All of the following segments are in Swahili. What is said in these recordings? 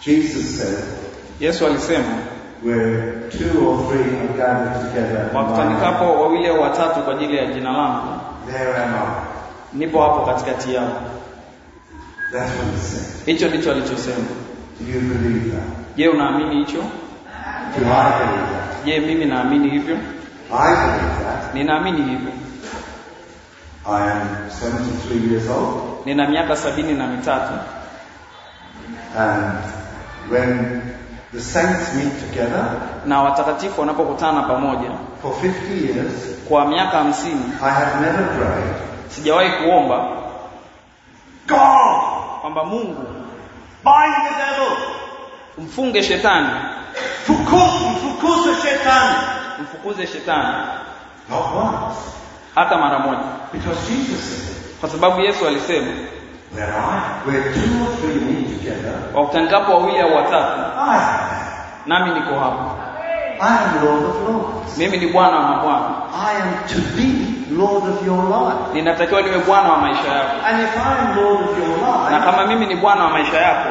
Jesus said, Yesu alisema Where two or three are gathered together, wakutanikapo wawili au watatu kwa ajili ya jina langu, there am I. Nipo hapo katikati yao. That's what he said. Hicho ndicho alichosema. Do you believe that? Je, unaamini hicho? Do I believe that? Je, mimi naamini hivyo? I believe that. Ninaamini hivyo. I am 73 years old. Nina miaka sabini na mitatu. And When the saints meet together, na watakatifu wanapokutana pamoja for 50 years, kwa miaka hamsini I have never prayed, sijawahi kuomba God kwamba Mungu bind the devil, mfunge shetani, fukuze mfukuze shetani, mfukuze shetani, not once, hata mara moja, because Jesus said, kwa sababu Yesu alisema wakutanikapo wawili au watatu, nami niko hapo Mimi ni Bwana wa mabwana. Ninatakiwa niwe bwana wa maisha yako. Na kama mimi ni bwana wa maisha yako,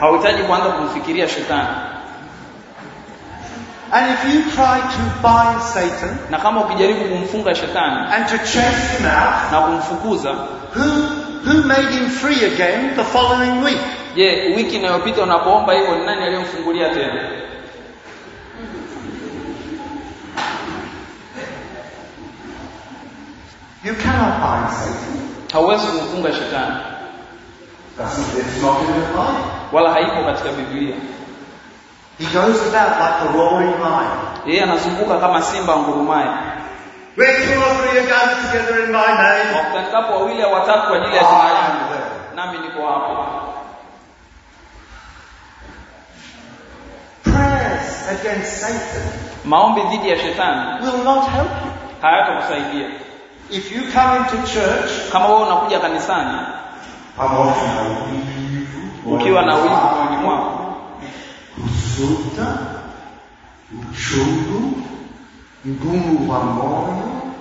hauhitaji kuanza kumfikiria shetani. And if you try to bind Satan, na kama ukijaribu kumfunga shetani and to chase him out, na kumfukuza, who, who made him free again the following week? Je, wiki inayopita unapoomba hivyo ni nani aliyemfungulia tena? You cannot bind Satan. Hauwezi kumfunga shetani. That's, it's not in the Bible. Wala haiko katika Biblia. He goes about like a roaring lion. Yeye anazunguka kama simba ngurumaye. When two or three are gathered together in my name. Wakutakapo wawili au watatu kwa ajili ya jina langu, nami niko hapo. Prayers against Satan. Maombi dhidi ya shetani. Will not help you. Hayatakusaidia. If you come into church, kama wewe unakuja kanisani, pamoja na ukiwa na wivu moyoni mwako resulta o choro do amor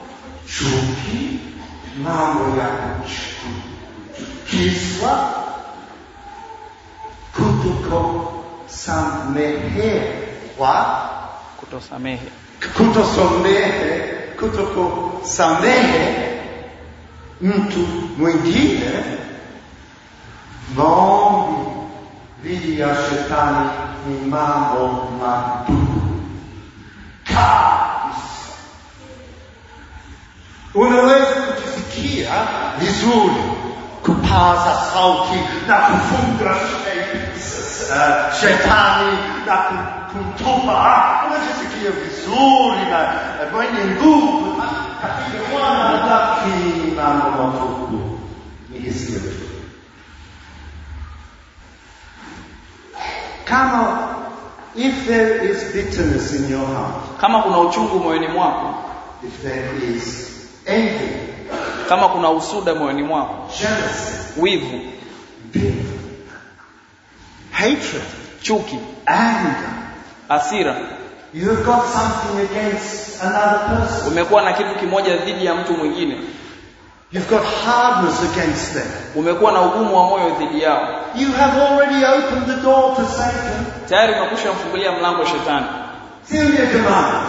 chuki namoyakuchiku kiswa kutuko samehe wa kutosamehe kutosamehe kutuko samehe muito muito dhambi dhidi ya shetani ni mambo matupu kabisa. Unaweza kujisikia vizuri kupaza sauti na kufunga uh, shetani na kumtupa, unajisikia vizuri na mwenye nguvu katika Bwana, lakini mambo matupu Kama if there is bitterness in your heart, kama kuna uchungu moyoni mwako, if there is envy, kama kuna usuda moyoni mwako, jealousy, wivu, hatred, chuki, anger, hasira, you got something against another person, umekuwa na kitu kimoja dhidi ya mtu mwingine You've got hardness against them. Umekuwa na ugumu wa moyo dhidi yao. You have already opened the door to Satan. Tayari umekwisha mfungulia mlango shetani. Simple command.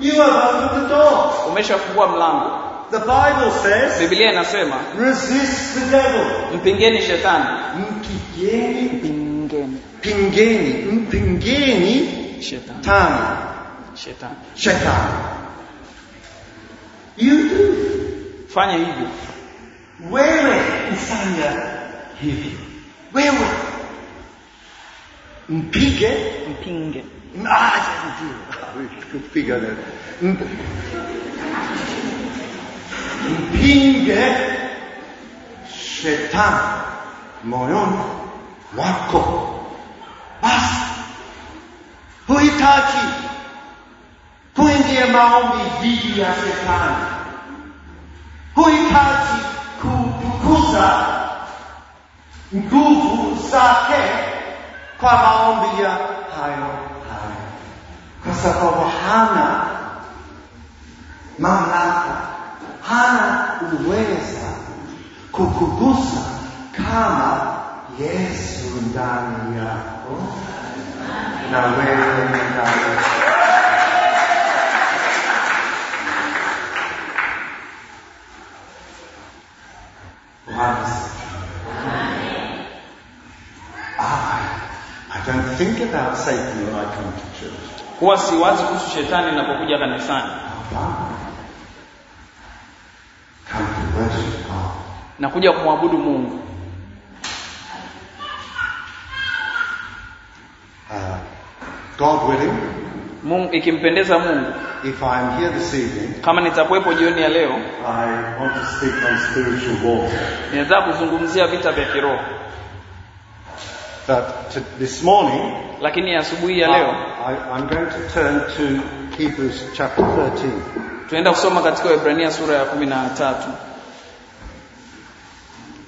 You have opened the door. Umeshafungua mlango. The Bible says, Biblia inasema, resist the devil. Mpingeni shetani. Mpigeni, mpingeni. Pingeni, mpingeni shetani. Tani. Shetani. Shetani. You do. fanya hivyo wewe ufanya hivyo wewe mpige mpinge mpinge shetani moyoni wako basi huhitaji kuingia maombi dhidi ya shetani huhitaji kutukuza nguvu zake kwa maombi ya hayo hayo, kwa sababu hana mamlaka, hana uweza kukugusa kama Yesu ndani yako na wewe ndani yako. harvest. Ah, I don't think about Satan when I come to church. Huwa siwazi kuhusu shetani ninapokuja kanisani. Come to Nakuja kumwabudu Mungu. Uh, God willing, Mungu ikimpendeza Mungu if I am here this evening, kama nitakuwepo jioni ya leo I want to speak on spiritual warfare. Ninataka kuzungumzia vita vya kiroho. That to, this morning, lakini asubuhi ya leo I, I'm going to turn to Hebrews chapter 13. Tuenda kusoma katika Waebrania sura ya 13.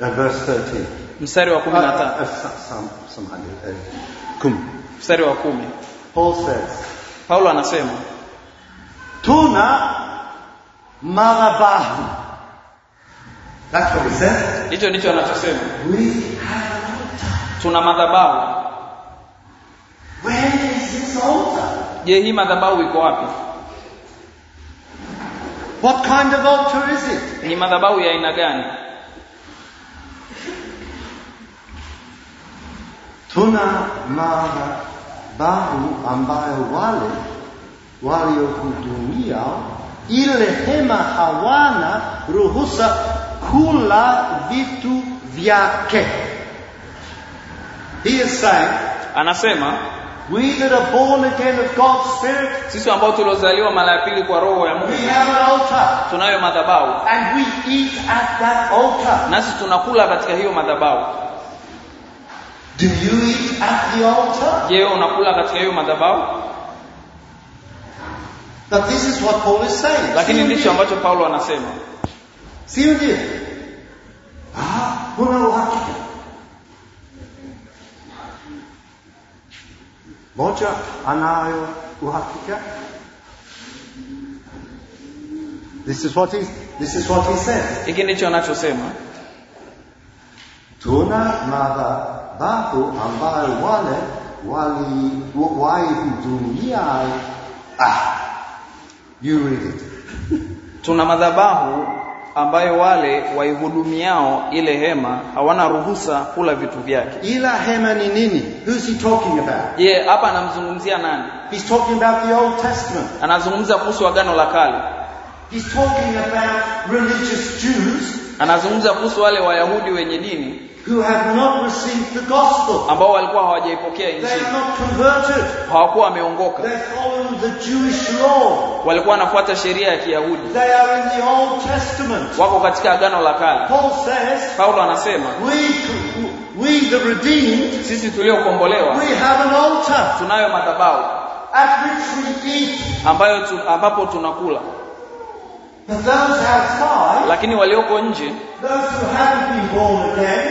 And uh, verse 13. Mstari wa 13. Uh, uh, some, some, uh, kum. Mstari wa 10. Paul says Paulo anasema tuna madhabahu. Hicho ndicho anachosema. Tuna madhabahu. Where is this altar? Je, hii madhabahu iko wapi? What kind of altar is it? Ni madhabahu ya aina gani? Tuna madhabahu dhahabu ambayo wale waliohudumia ile hema hawana ruhusa kula vitu vyake. He is saying, anasema We that are born again of God's Spirit, sisi ambao tuliozaliwa mara ya pili kwa roho ya Mungu, we have an altar, tunayo madhabahu, and we eat at that altar, nasi tunakula katika hiyo madhabahu. Do you eat at the altar? Je, unakula katika hiyo madhabahu? But this is what Paul is saying. Lakini ndicho ambacho Paulo anasema. Sio ndio? Ah, una uhakika. Moja anayo uhakika. This is what he this is what he says. Hiki ndicho anachosema. Tuna madhabahu ambayo wale wali wai kutumia ah, you read it. Tuna madhabahu ambayo wale waihudumiao ile hema hawana ruhusa kula vitu vyake. Ila hema ni nini? Who's he talking about? yeah, hapa anamzungumzia nani? He's talking about the Old Testament. Anazungumza kuhusu agano la kale. He's talking about religious Jews. Anazungumza kuhusu wale Wayahudi wenye dini who have not received the gospel. ambao walikuwa hawajaipokea injili hawakuwa wameongoka walikuwa wanafuata sheria ya kiyahudi wako katika agano la kale paulo anasema we, we the redeemed, sisi tuliokombolewa we have an altar tunayo madhabahu ambayo ambapo tunakula lakini walioko nje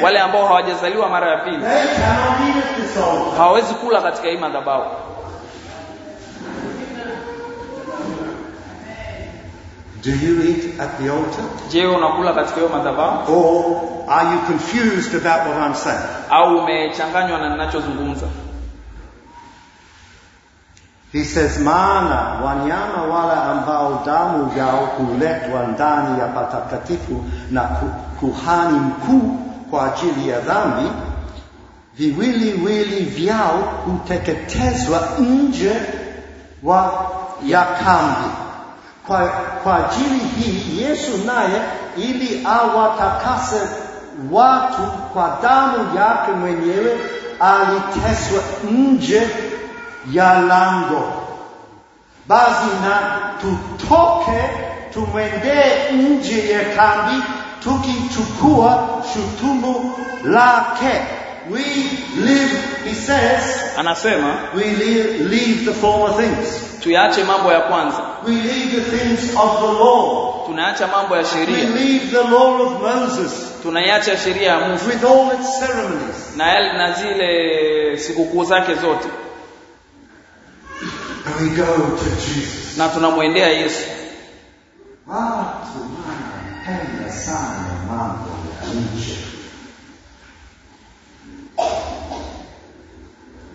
wale ambao hawajazaliwa mara ya pili hawawezi kula katika hii madhabahu Do you eat at the altar? Je, unakula katika hiyo madhabahu? Or are you confused about what I'm saying? Au umechanganywa na ninachozungumza? He says, maana wanyama wala ambao damu yao huletwa ndani ya patakatifu na kuhani mkuu kwa ajili ya dhambi, viwiliwili vyao huteketezwa nje wa ya kambi. Kwa, kwa ajili hii Yesu naye ili awatakase watu kwa damu yake mwenyewe aliteswa nje ya lango. Basi na tutoke tumwende nje ya kambi tukichukua shutumu lake. We live, he says, anasema we live, leave the former things. Tuyache mambo ya kwanza. We leave the things of the law. Tunaacha mambo ya sheria. We leave the law of Moses. Tunaiacha sheria ya Musa. With all its ceremonies. Na, na zile sikukuu zake zote. And we go to Jesus. Na tunamwendea Yesu. Watu wanapenda sana mambo ya nje.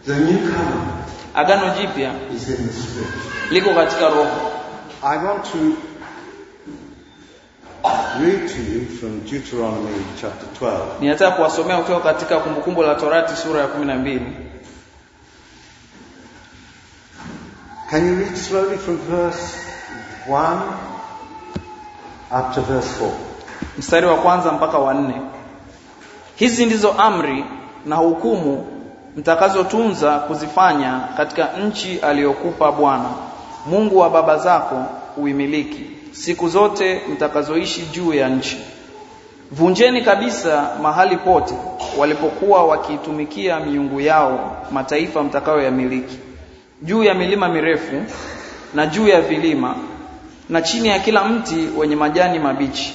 The new covenant Agano Jipya Liko katika roho. I want to read to you from Deuteronomy chapter 12. Ninataka kuwasomea kutoka katika kumbukumbu la Torati sura ya 12. Can you read slowly from verse 1 up to verse 4? Mstari wa kwanza mpaka wa nne. Hizi ndizo amri na hukumu mtakazotunza kuzifanya katika nchi aliyokupa Bwana Mungu wa baba zako uimiliki siku zote mtakazoishi juu ya nchi. Vunjeni kabisa mahali pote walipokuwa wakiitumikia miungu yao mataifa mtakayoyamiliki juu ya milima mirefu na juu ya vilima na chini ya kila mti wenye majani mabichi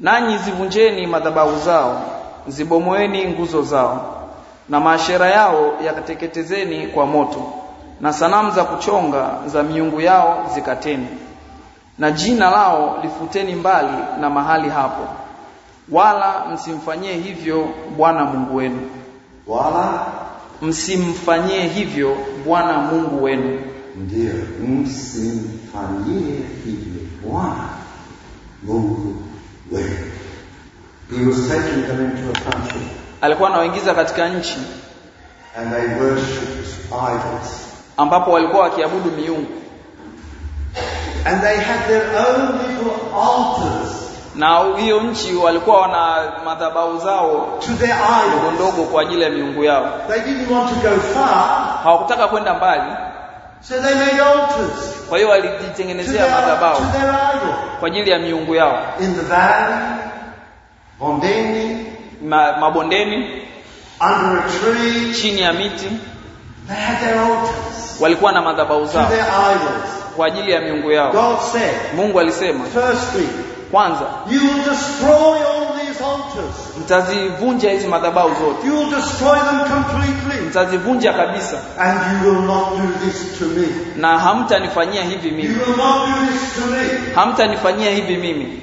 nanyi zivunjeni madhabahu zao zibomoeni nguzo zao na maashera yao yakateketezeni kwa moto na sanamu za kuchonga za miungu yao zikateni na jina lao lifuteni mbali na mahali hapo wala msimfanyie hivyo Bwana Mungu wenu wala msimfanyie hivyo Bwana Mungu wenu. Ndiyo, msimfanyie hivyo Bwana Mungu wenu. He was taking them into a country. Alikuwa anawaingiza katika nchi and they worshipped idols. ambapo walikuwa wakiabudu miungu. And they had their own little altars na hiyo nchi walikuwa wana madhabahu zao ndogo ndogo kwa ajili ya miungu yao. Hawakutaka kwenda mbali, so they made altars. Kwa hiyo walijitengenezea madhabahu kwa ajili ya miungu yao In the valley, bondeni, ma, mabondeni, under a tree, chini ya miti they had their altars. Walikuwa na madhabahu zao kwa ajili ya miungu yao. God said, Mungu alisema firstly, kwanza mtazivunja hizi madhabahu zote, mtazivunja kabisa, na hamtanifanyia hivi mimi, hamtanifanyia hivi mimi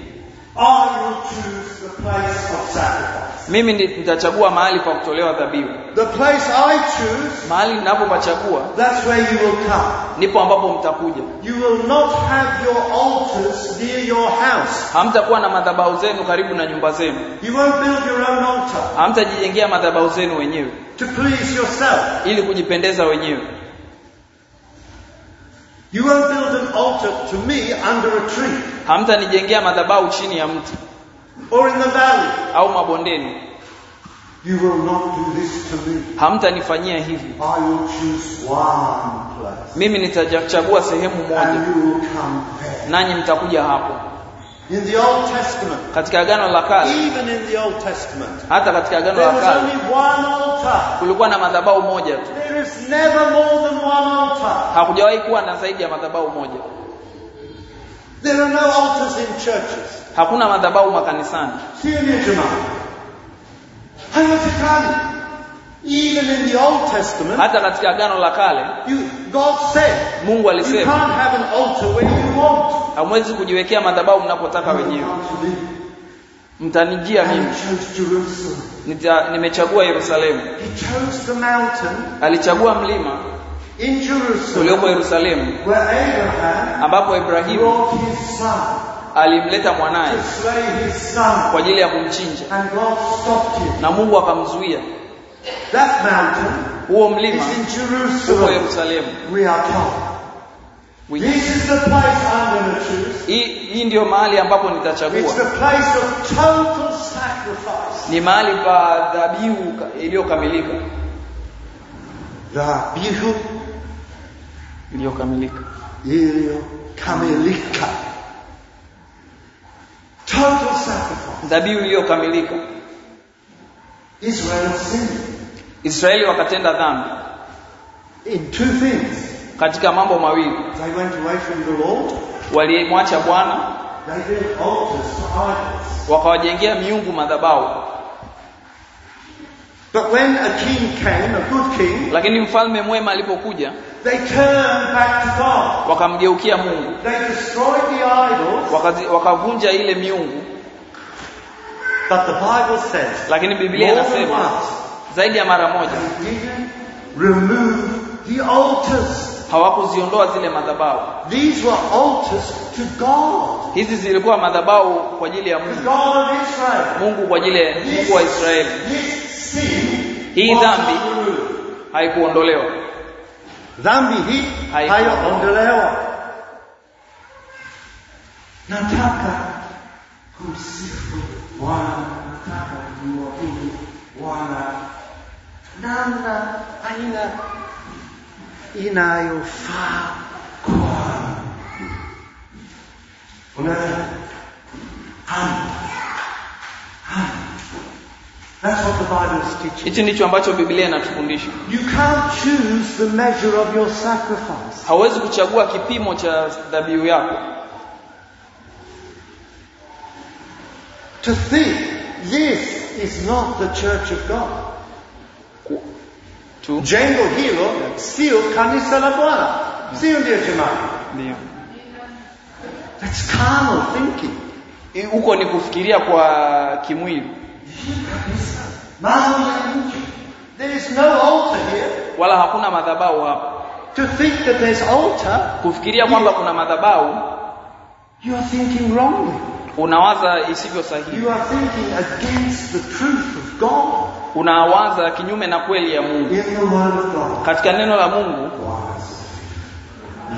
mimi nitachagua mahali pa kutolewa dhabihu the place i choose mahali ninapopachagua that's where you will come ndipo ambapo mtakuja you will not have your altars near your house hamtakuwa na madhabahu zenu karibu na nyumba zenu you won't build your own altar hamtajijengea madhabahu zenu wenyewe to please yourself ili kujipendeza wenyewe you won't build an altar to me under a tree hamtanijengea madhabahu chini ya mti or in the valley au mabondeni you will not do this to me hamtanifanyia hivi I will choose one place mimi nitachagua sehemu moja nanyi mtakuja hapo In the Old Testament, katika agano la kale even in the Old Testament, hata katika agano la kale there was only one altar kulikuwa na madhabahu moja tu. There is never more than one altar. Hakujawahi kuwa na zaidi ya madhabahu moja. There are no altars in churches. Hakuna madhabahu makanisani. Sio ni jamaa. Haiwezekani. Even in the Old Testament, hata katika Agano la Kale, God said, Mungu alisema, you can't have an altar where you want. Hamwezi kujiwekea madhabahu mnapotaka wenyewe. Mtanijia mimi. nimechagua Yerusalemu. Alichagua mlima uliopo Yerusalemu, ambapo Ibrahimu alimleta mwanaye kwa ajili ya kumchinja, na Mungu akamzuia. Huo mlima uko Yerusalemu. Hii ndio mahali ambapo nitachagua, ni mahali pa dhabihu iliyokamilika. Dhabihu iliyokamilika iliyokamilika total sacrifice dhabihu iliyokamilika Israel sinned Israeli wakatenda dhambi in two things katika mambo mawili they went away from the Lord walimwacha Bwana wakawajengea miungu madhabahu But when a king came, a good king, lakini mfalme mwema alipokuja they turned back to God. wakamgeukia Mungu they destroyed the idols, wakavunja ile miungu but the Bible says, lakini Biblia inasema zaidi ya mara moja remove the altars. hawakuziondoa zile madhabahu These were altars to God. hizi zilikuwa madhabahu kwa ajili ya Mungu, Mungu kwa ajili ya Mungu wa Israeli hii dhambi haikuondolewa dhambi hii haikuondolewa nataka kumsifu bwana nataka kumwabudu bwana namna aina inayofaa kwa unaa Hichi ndicho ambacho Biblia inatufundisha. Hawezi kuchagua kipimo cha dhabihu yako. To think this is not the church of God. Tu. Jengo hilo sio kanisa la Bwana, sio ndio jamani? Ndio. That's carnal thinking. Huko ni kufikiria kwa kimwili. There is no altar here. wala hakuna madhabahu hapa. To think that there's altar, kufikiria kwamba kuna madhabahu, you are thinking wrongly. Unawaza isivyo sahihi. You are thinking against the truth of God. Unawaza kinyume na kweli ya Mungu. In the word of God. Katika neno la Mungu.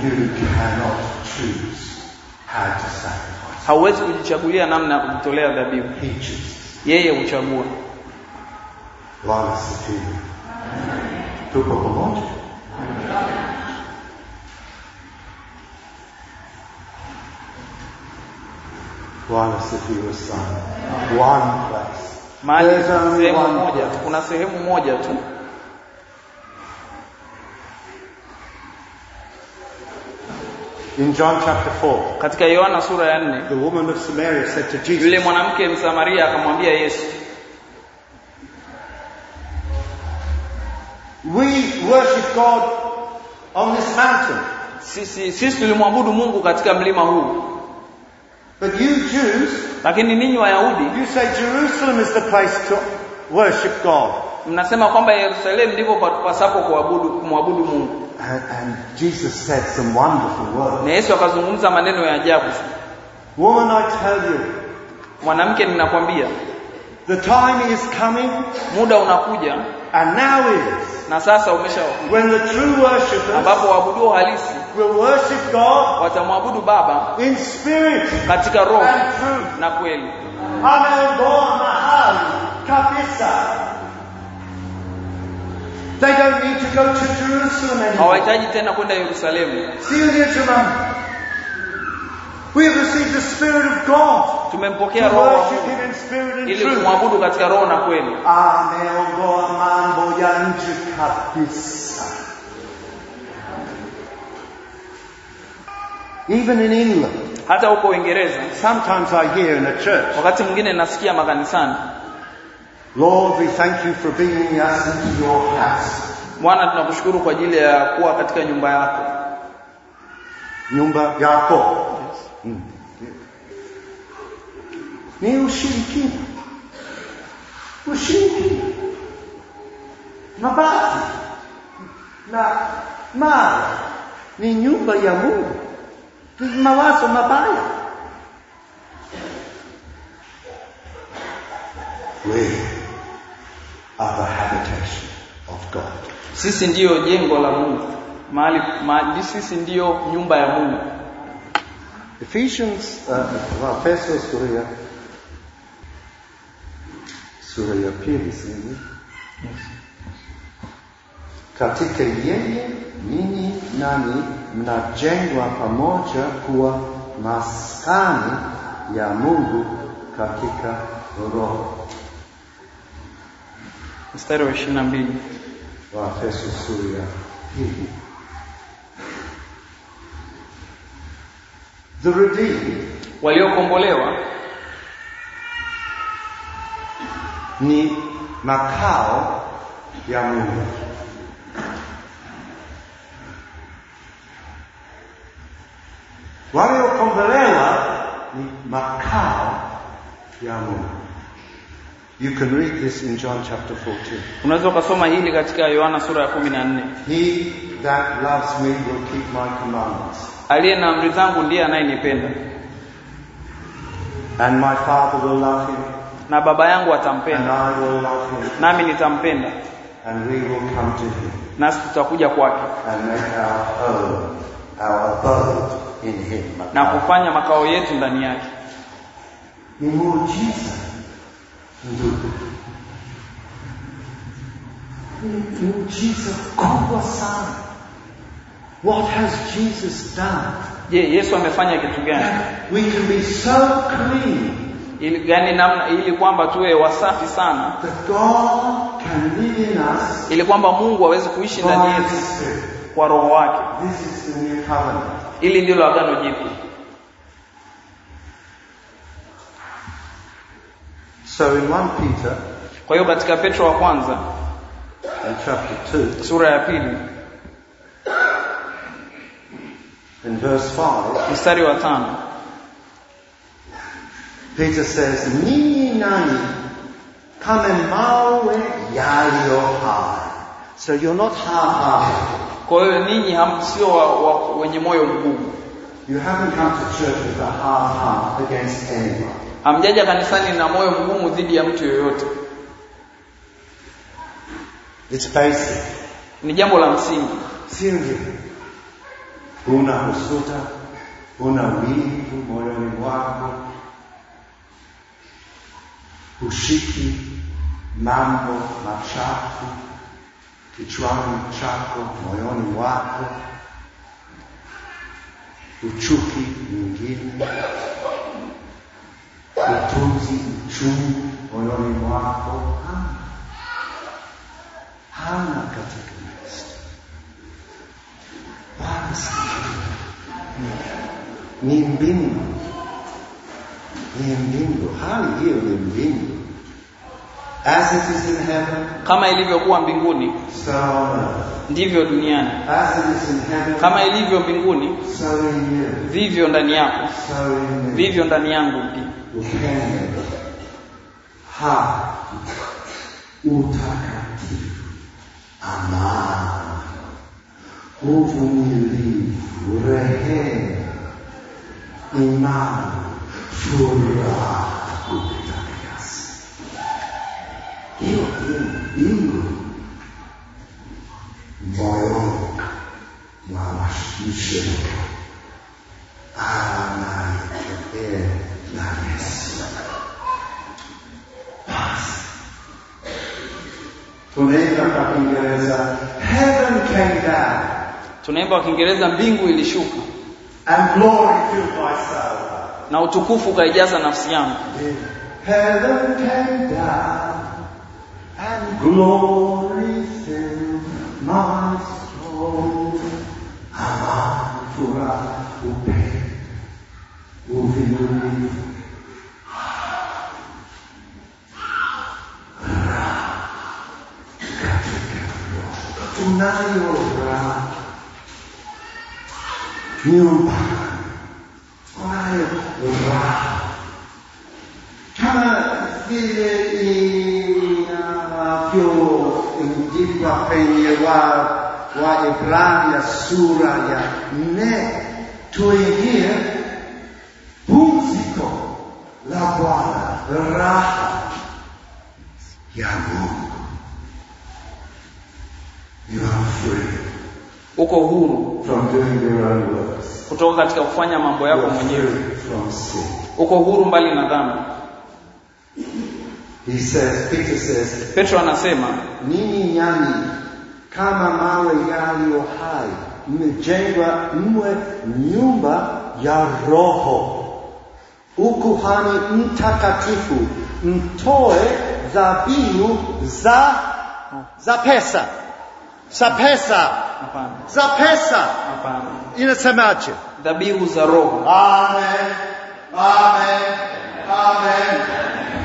You cannot choose how to sacrifice. Hauwezi kujichagulia namna ya kujitolea dhabihu. He chooses yeye huchagua bwana asifiwe tuko pamoja bwana asifiwe sana bwana sehemu moja kuna sehemu moja tu In John chapter 4, katika Yohana sura ya nne the woman of Samaria said to Jesus, yule mwanamke Msamaria akamwambia Yesu, we worship God on this mountain, sisi sisi tulimwabudu Mungu katika mlima huu. But you Jews, lakini ninyi Wayahudi, you say Jerusalem is the place to worship God mnasema kwamba Yerusalemu ndipo patupasapo kuabudu kumwabudu Mungu. And Jesus said some wonderful words. Na Yesu akazungumza maneno ya ajabu. Woman, I tell you, mwanamke ninakwambia, the time is coming, muda unakuja, and now is, na sasa umesha, when the true worshipers, ambapo waabudu halisi will worship God, watamwabudu Baba in spirit, katika roho na kweli. Amen, Bwana kabisa They don't need to go to Jerusalem anymore. Hawahitaji tena kwenda Yerusalemu. See you We have received the Spirit of God. Tumempokea Roho wa Mungu ili kumwabudu katika roho na kweli. Ameondoa mambo ya kabisa. Even in England. Hata huko Uingereza. Sometimes I hear in a church. Wakati mwingine nasikia makanisani. Lord, we thank you for bringing us into your house. Mwana tunakushukuru kwa ajili ya kuwa katika nyumba yako. Nyumba yako. Yes. Mm. Ni ushirikina. Ushirikina. Mabati na mawe ni nyumba ya Mungu. Ni mawazo mabaya. Wewe are the habitation of God. Sisi ndio jengo la Mungu. Mahali ma, sisi ndio nyumba ya Mungu. Ephesians Waefeso uh, uh sura ya sura ya pili sisi. Katika yeye ninyi nani mnajengwa pamoja kuwa maskani ya Mungu katika Roho mstari wa ishirini na mbili wa Efeso sura The redeemed waliokombolewa ni makao ya Mungu. Waliokombolewa ni makao ya Mungu. You can read this in John chapter 14. Unaweza kusoma hili katika Yohana sura ya 14. He that loves me will keep my commandments. Aliye na amri zangu ndiye anayenipenda. And my father will love him. Na baba yangu atampenda. And I will love him. Nami nitampenda. And we will come to him. Nasi tutakuja kwake. And make our home, our abode in him. Na kufanya makao yetu ndani yake. Ni Mungu Jesus. What has Jesus done? Je, Yesu amefanya kitu gani? We can be so clean. Ili gani namna ili kwamba tuwe wasafi sana. That God can live in us. Ili kwamba Mungu aweze kuishi ndani yetu kwa roho wake. This is the new covenant. Ili ndilo agano jipya. So in 1 Peter, kwa hiyo katika Petro wa kwanza in chapter 2, sura ya pili in verse 5, mstari wa tano Peter says, ninyi nani kama mawe yaliyo hai. So you're not half hearted. Kwa hiyo ninyi sio wenye moyo mgumu. You haven't come to church with a half heart against anyone. amjaja kanisani na moyo mgumu dhidi ya mtu yoyote. It's basic. Ni jambo la msingi. Singi. Una husuta, una wivu moyoni mwako, hushiki mambo machafu kichwani chako, moyoni wako uchuki mwingine la tutti su olori mwako hana. Hana katika Kristo. Bwana ni mbingu, ni mbingu, hali h i o ni mbingu As it is in heaven, kama ilivyokuwa mbinguni sawa ndivyo duniani. As it is in heaven, kama ilivyo mbinguni so in sawa vivyo ndani yako so sawa vivyo ndani yangu pia. Upendo ha utakatifu, amani, uvumilivu, rehema, imani, furaha tunaimba kwa Kiingereza, mbingu ilishuka, and glory filled my soul, na utukufu ukaijaza nafsi yangu. Heaven came down and glory fill my soul. 아마도라 우패 우비누리 나요 오라 주님 오라요 오라 하나 세례이 Injili penye wa Waebrania sura ya nne, tuingie pumziko la Bwana, raha ya Mungu. You are free. Uko huru from doing your own works, kutoka katika kufanya mambo yako mwenyewe. Uko huru mbali na dhambi. He says, Peter says, Petro anasema ninyi nyani kama mawe yaliyo hai mmejengwa mwe nyumba ya roho ukuhani mtakatifu mtoe dhabihu za za pesa za pesa za pesa inasemaje dhabihu za roho amen amen amen, amen.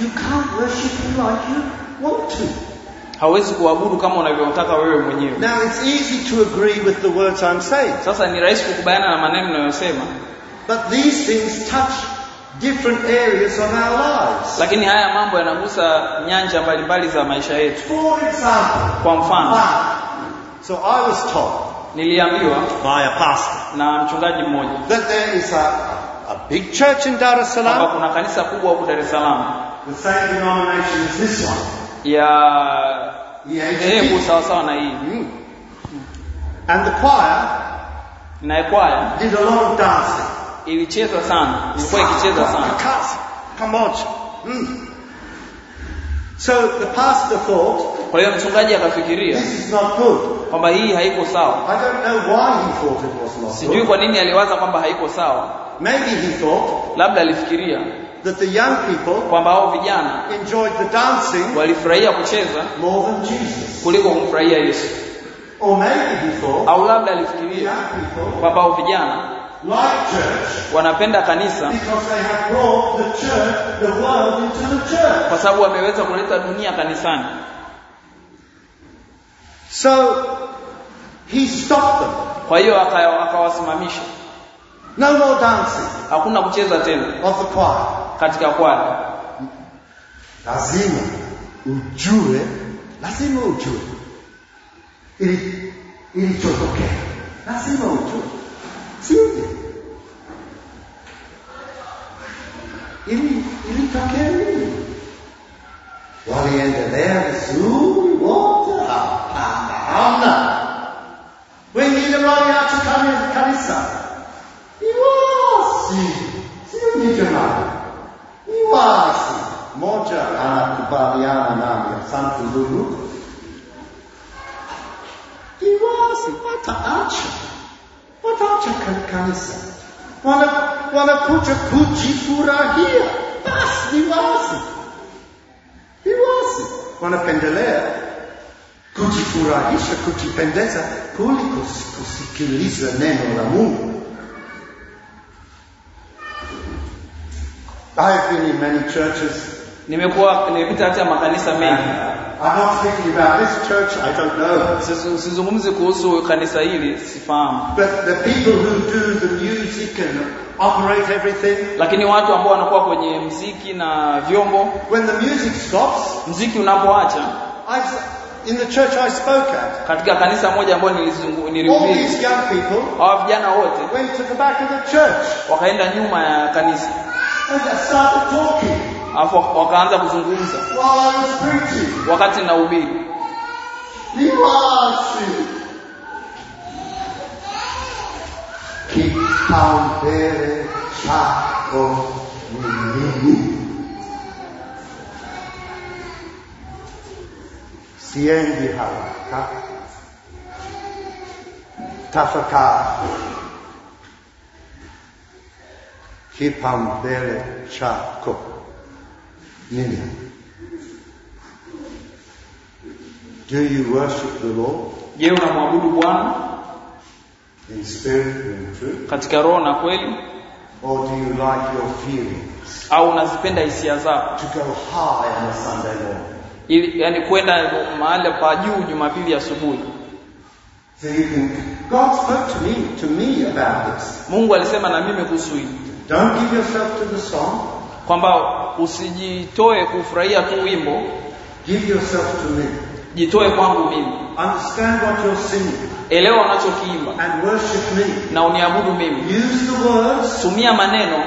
You can't worship him like you want to. Hawezi kuabudu kama unavyotaka wewe mwenyewe. Now it's easy to agree with the words I'm saying. Sasa ni rahisi kukubaliana na maneno ninayosema. But these things touch different areas of our lives. Lakini haya mambo yanagusa nyanja mbalimbali za maisha yetu. For example, kwa mfano. So I was told niliambiwa by a pastor na mchungaji mmoja that there is a, a big church in Dar es Salaam. Kuna kanisa kubwa huko Dar es Salaam. The same denomination as this one. Ya dhehebu eh, sawa sawa na hii. Hmm. And the choir na choir did a lot of dancing. Ilicheza sana, ilikuwa ikicheza sana. Pamoja. Mm. So the pastor thought, kwa hiyo mchungaji akafikiria kwamba hii haiko sawa. I don't know why he thought it was not. Sijui kwa nini aliwaza kwamba haiko sawa. Maybe he thought, labda alifikiria that the young people kwamba hao vijana enjoyed the dancing walifurahia kucheza more than Jesus kuliko kumfurahia Yesu. Or maybe before au labda alifikiria kwamba hao vijana like church, wanapenda kanisa the church, the world into the church. kwa sababu wameweza kuleta dunia kanisani. So he stopped them. Kwa hiyo akawasimamisha aka No more dancing. Hakuna kucheza tena. Of the choir. Katika kwaya. Lazima ujue, lazima ujue ili chotoke. Lazima ujue. Sio? Ili ili takeni. Waliendelea vizuri wote, hapana Wengine waliacha kanisa Iwasi, me nada. Iwasi, moja a kubaliana nami, santo Lulu. Iwasi, wataacha, wataacha kanisa. Wana, wanakuja kujifurahia, basi iwasi. Iwasi, wanapendelea kujifurahisha, kujipendeza kuliko kusikiliza neno la Mungu. I've been in many churches. Nimekuwa nimepita hata makanisa mengi. Uh, I'm not about this church, I don't know. Sizungumzi kuhusu kanisa hili, sifahamu. But the people who do the music and operate everything. Lakini watu ambao wanakuwa kwenye mziki na vyombo. When the music stops, mziki unapoacha. In the church I spoke at. Katika kanisa moja ambayo nilihubiri. All these young people. vijana wote. Went to the back of the church. Wakaenda nyuma ya kanisa. Alafu wakaanza kuzungumza wakati na Kipaumbele chako nini? Siendi haraka, tafakari kipaumbele chako nini? Do you worship the Lord? Je, unamwabudu Bwana in spirit and truth? Katika roho na kweli? Or do you like your feelings? Au unazipenda hisia zako? To go high on a Sunday morning. Yaani kwenda mahali pa juu Jumapili asubuhi. So you can God spoke to me to me about this. Mungu alisema na mimi kuhusu hili. Don't give yourself to the song. Kwamba usijitoe kufurahia tu wimbo. Give yourself to me. Jitoe kwangu mimi. Understand what you're singing. Elewa unachokiimba. And worship me. Na uniabudu mimi. Use the words. Tumia maneno.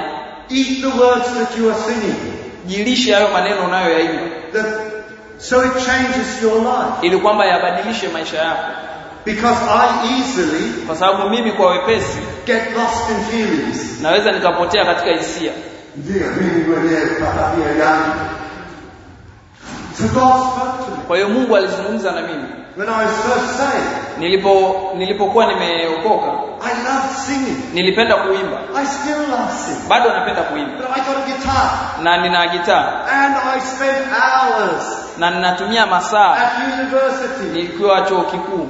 Eat the words that you are singing. Jilishe hayo maneno unayoyaimba. So it changes your life. Ili kwamba yabadilishe maisha yako. Because I easily kwa sababu mimi kwa wepesi Get lost in feelings. Naweza nikapotea katika hisia. mimi mwenyewe yangu. So God spoke to me. Kwa hiyo Mungu alizungumza na mimi. When I was first saved, nilipo nilipokuwa nimeokoka, I singing. Nilipenda kuimba. I still love singing. Bado napenda kuimba. But I got a guitar. Na nina gitaa. And I spent hours. Na ninatumia masaa. At university. Nikiwa chuo kikuu.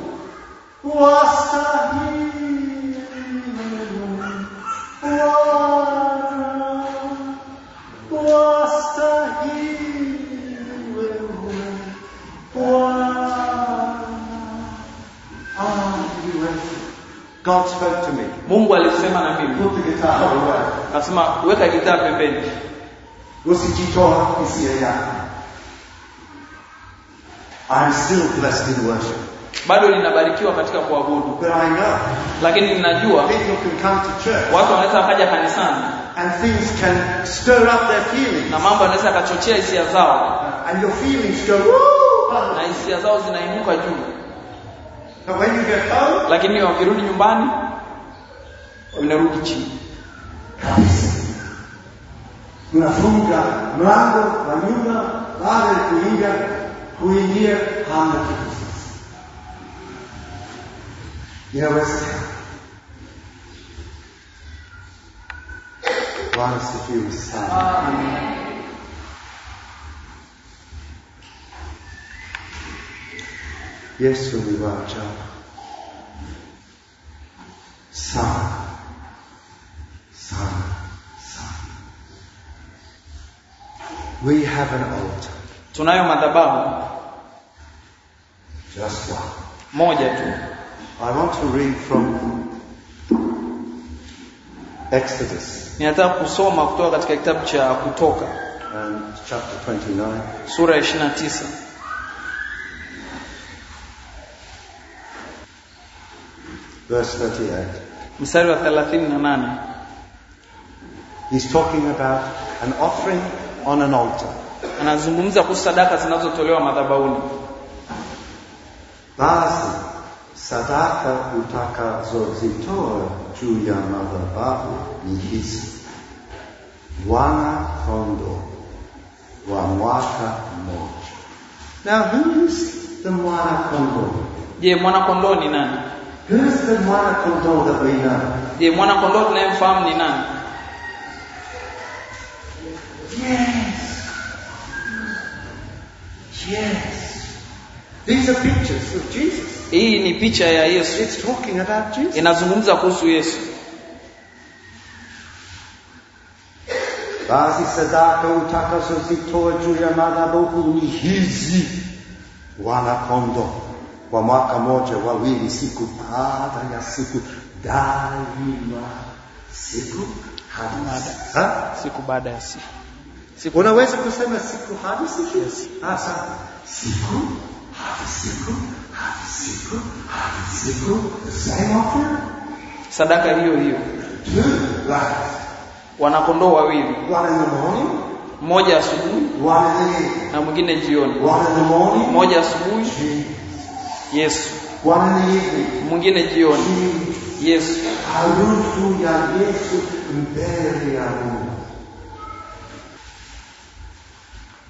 God spoke to me. Mungu alisema na mimi. Put the guitar away. Nasema weka gitaa pembeni. Usijitoa hisia yako. I'm still blessed in worship. bado linabarikiwa katika kuabudu lakini ninajua watu wanaweza wakaja kanisani and things can stir up their feelings na mambo yanaweza yakachochea hisia zao uh, and your feelings go na hisia zao zinainuka juu But when you get home, lakini wakirudi nyumbani unarudi chini unafunga mlango wa nyumba baada ya kuingia kuingia hamna kitu knowest want us to hear his son. Amen. Jesu mi vača, Son, son, son. We have an altar. Tunayo madhabahu. Just one. Moja tu. I want to read from Exodus. Ninataka kusoma kutoka katika kitabu cha Kutoka. And um, chapter 29. Sura 29. Verse 38. Mstari wa 38. He's talking about an offering on an altar. Anazungumza kuhusu sadaka zinazotolewa madhabahuni. Basi Sadaka utaka zozitor chuya madhabahu nihis. Wana kondo wa mwaka mmoja. Now who's the mwana kondo? Je, mwana kondo ni nani? Who's the mwana kondo that we know? Je, mwana kondo tunayemfahamu ni nani? Yes. Yes. These are pictures of Jesus. Hii ni picha ya Yesu. It's talking about Jesus. Inazungumza kuhusu Yesu. Basi sadaka utakazozitoa juu ya madhabahu ni hizi, wana kondo kwa mwaka moja wawili, siku baada ya siku, daima siku hadi baada ha? siku baada ya siku. Siku. Unaweza kusema siku hadi siku. Yes. Asante, siku hadi siku sadaka hiyo hiyo wanakondoo wawili mmoja asubuhi na mwingine jioni mmoja asubuhi Yesu mwingine jioni Yesu Yesu mbele ya Mungu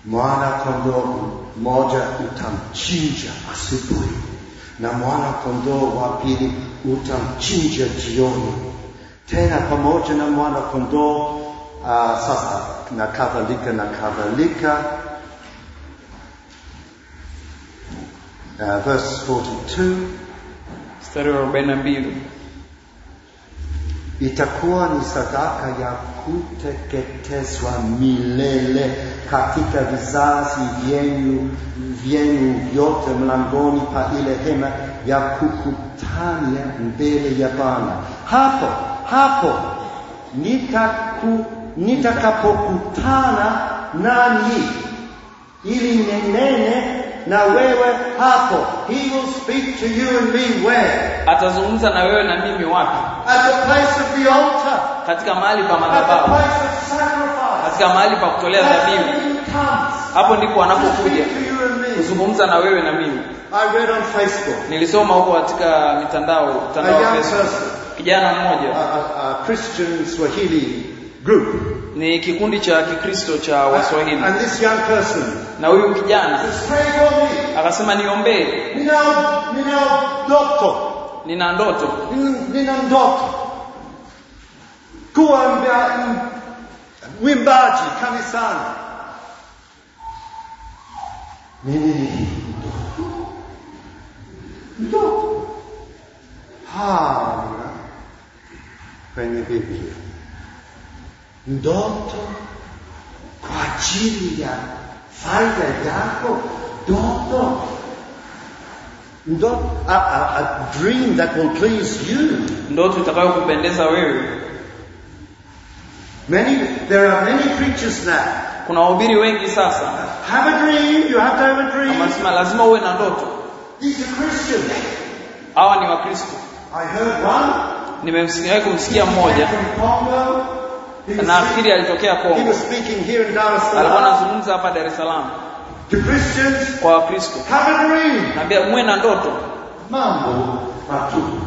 mwana kondoo mmoja utamchinja asubuhi na kondoo wa pili utamchinja jioni. Tena pamoja na kondoo uh, ah, sasa na kadhalika na kadhalika. Uh, verse 42 itakuwa ni sadaka ya kuteketezwa milele katika vizazi vyenu vyenu vyote mlangoni pa ile hema ya kukutania mbele ya bana Hapo hapo nitaku nitakapokutana nani ili nenene na wewe hapo. He will speak to you and me where? Atazungumza na wewe na mimi wapi? At the place of the altar. Katika mahali pa madhabahu katika mahali pa kutolea dhabihu hapo ndipo anapokuja kuzungumza na wewe na mimi I read on Facebook. Nilisoma huko katika mitandao mtandao wa Facebook. Kijana mmoja Christian Swahili group. Ni kikundi cha Kikristo cha Waswahili. And this young person. Na huyu kijana akasema niombee. Nina nina ndoto. Nina ndoto. Nina ndoto. Kuambia Uimbaji kanisani. Nini ni ndoto? Ndoto hamna kwenye Biblia. Ndoto kwa ajili ya faida yako, ndoto ndoto, a, a, a dream that will please you, ndoto itakayokupendeza wewe. Many, there are many preachers now. Kuna wahubiri wengi sasa. Have a dream, you have to have a dream. Amasema lazima uwe na ndoto. These are Christians. Hawa ni Wakristo. I heard one. Nimemsikia kumsikia mmoja. Na akili alitokea Kongo. He was speaking here in Dar es Salaam. Alikuwa anazungumza hapa Dar es Salaam. To Christians. Kwa Wakristo. Have a dream. Naambia muwe na ndoto. Mambo matupu.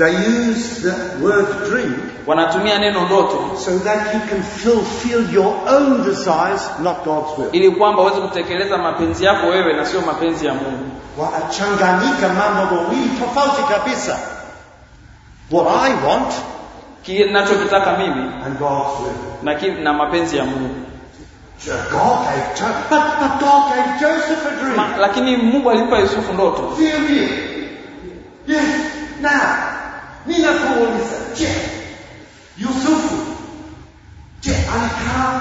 They use the word dream wanatumia neno ndoto so that you can fulfill your own desires not God's will. Ili kwamba uweze kutekeleza mapenzi yako wewe na sio mapenzi ya Mungu. Wanachanganyika mambo mawili tofauti kabisa. What I want kile ninachokitaka mimi and God's will. Na kile na mapenzi ya Mungu. lakini Mungu alimpa Yusufu ndoto. Yes. Now, Ninakuwa je Yusufu je alikaa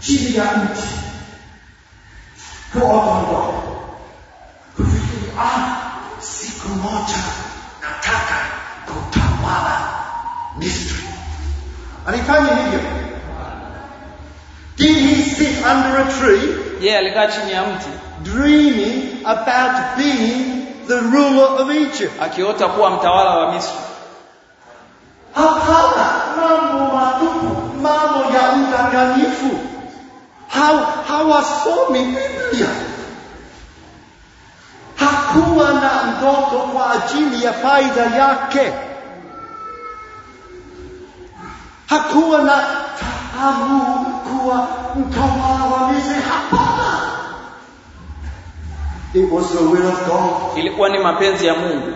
chini ya mti kwa watu kufikiri ah siku moja nataka kutawala Misri alifanya hivyo Did he sit under a tree? Yeah, alikaa chini ya Dreaming about being the ruler of Egypt. Akiota kuwa mtawala wa Misri. Hapana, mambo matupu, mambo ya udanganyifu. Hawasomi Biblia. Hakuwa na ndoto kwa ajili ya faida yake. Hakuwa na tahamu kuwa mtawala wa Misri. Hapana. It was the will of God. Ilikuwa ni mapenzi ya Mungu.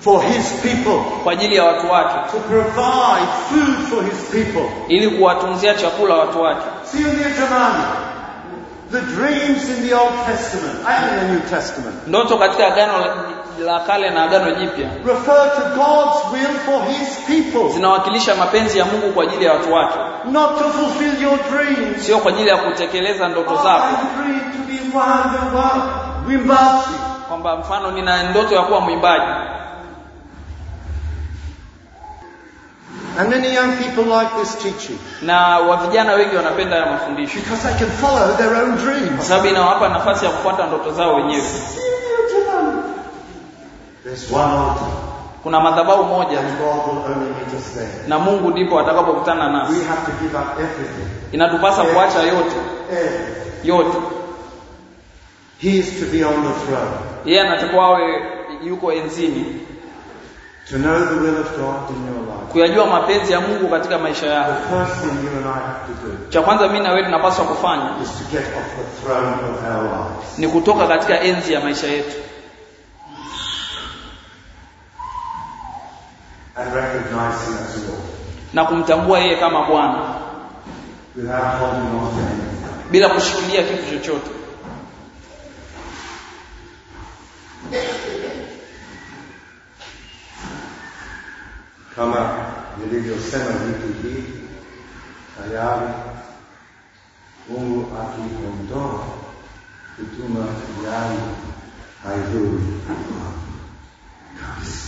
For his people. Kwa ajili ya watu wake. To provide food for his people. Ili kuwatunzia chakula watu wake. See in the jamani? The dreams in the Old Testament and in the New Testament. Ndoto katika agano la kale na agano jipya. Refer to God's will for his people. Zinawakilisha mapenzi ya Mungu kwa ajili ya watu wake. Not to fulfill your dreams. Sio kwa ajili ya kutekeleza ndoto zako. I dream to be one the world mwimbaji, kwamba mfano nina ndoto ya kuwa mwimbaji. And many young people like this teaching. Na vijana wengi wanapenda haya mafundisho. Because they can follow their own dreams. Kwa sababu inawapa nafasi ya kufuata ndoto zao wenyewe. There's one altar. Kuna madhabahu moja na Mungu ndipo atakapokutana nasi. Inatupasa kuacha yote. Eh, eh. Yote. He is to be on the throne. Yeye anatakuwa awe yuko enzini. To know the will of God in your life. Kuyajua mapenzi ya Mungu katika maisha yako. The first thing you and I have to do. Cha kwanza mimi na wewe tunapaswa kufanya. Is to get off the throne of our lives. Ni kutoka katika enzi ya maisha yetu. And recognize him as Lord. Na kumtambua yeye kama Bwana. Without holding on to anything. Bila kushikilia kitu chochote. Kama nilivyosema wiki hii tayari, Mungu akiondoa kutuma yangu haidhuru kabisa.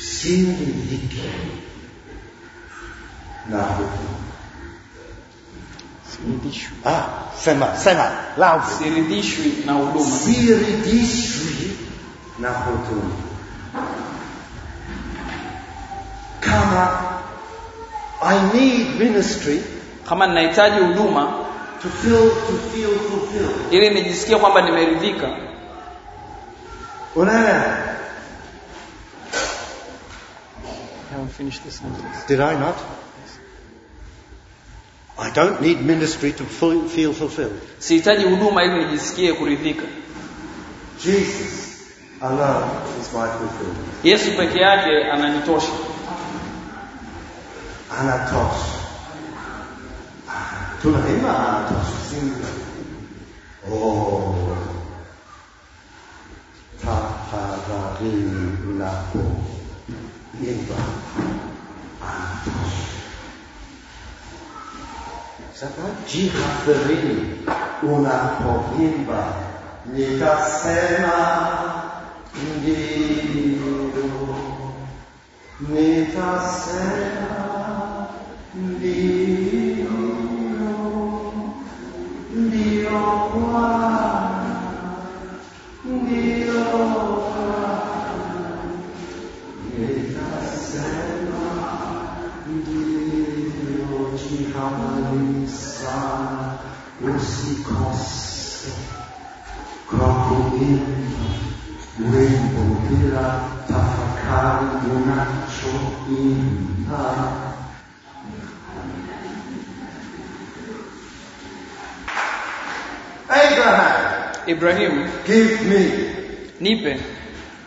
Sio dhiki na hukumu Siridishwi. Ah, sema, sema, loud. Siridishwi na huduma. Siridishwi na huduma. Kama I need ministry, kama ninahitaji huduma to feel, to feel fulfilled. Ili nijisikie kwamba nimeridhika. Unaona? Haven't finished the sentence. Did I not? I don't need ministry to feel fulfilled. Sihitaji huduma ili nijisikie kuridhika. Jesus alone is my fulfillment. Yesu peke yake ananitosha. Anatosha. Tunaimba anatosha, Oh. Tafadhali unapoimba anatosha. Jihad cioè, eh, una tassema di povimba nitasema ndiru nitasema ndiru ndio kwa ndio kwa nitasema ndiru qui Abraham, give me, nipe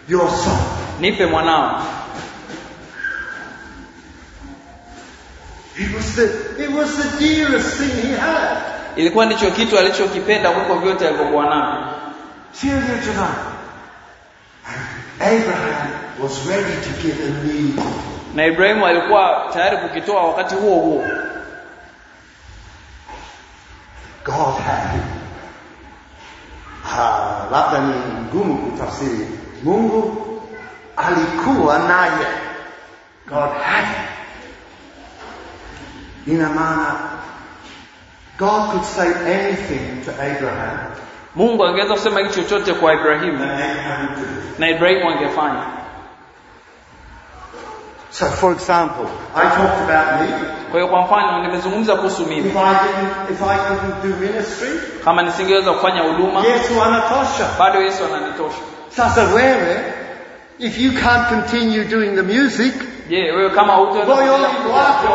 your son, nipe mwanao Ilikuwa ndicho kitu alichokipenda huko vyote alivyokuwa navyo. Na Ibrahimu alikuwa tayari kukitoa wakati huo huo. God had Ha, ah, labda ni ngumu kutafsiri. Mungu alikuwa naye. God had him. In a manner, God could say anything to Abraham. Mungu angeweza kusema kitu chochote kwa Ibrahim. na Ibrahimu angefanya. So for example, I talked about me. Kwa hiyo kwa mfano nimezungumza kuhusu mimi. If I didn't, if I didn't do ministry, kama nisingeweza kufanya huduma, Yesu anatosha. Bado Yesu ananitosha. Sasa wewe if you can't continue doing the music, je, wewe kama hutaweza kufanya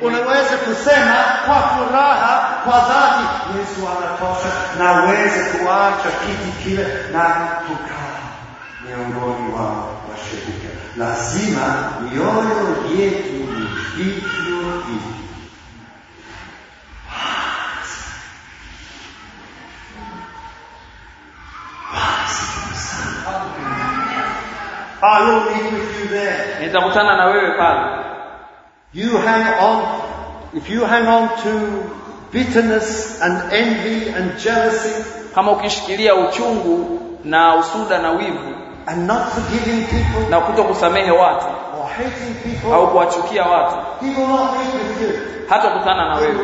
unaweze kusema kwa furaha, kwa dhati, Yesu anatosha, na uweze kuacha kiti kile na kukaa miongoni wa washirika. Lazima mioyo yetu ni hivyo hivyo. Nitakutana na wewe pale. You hang on, if you hang on to bitterness and envy and jealousy, kama ukishikilia uchungu na usuda na wivu and not forgiving people, na kuto kusamehe watu or hating people, au kuwachukia watu, he will not meet with you. hata kutana na wewe,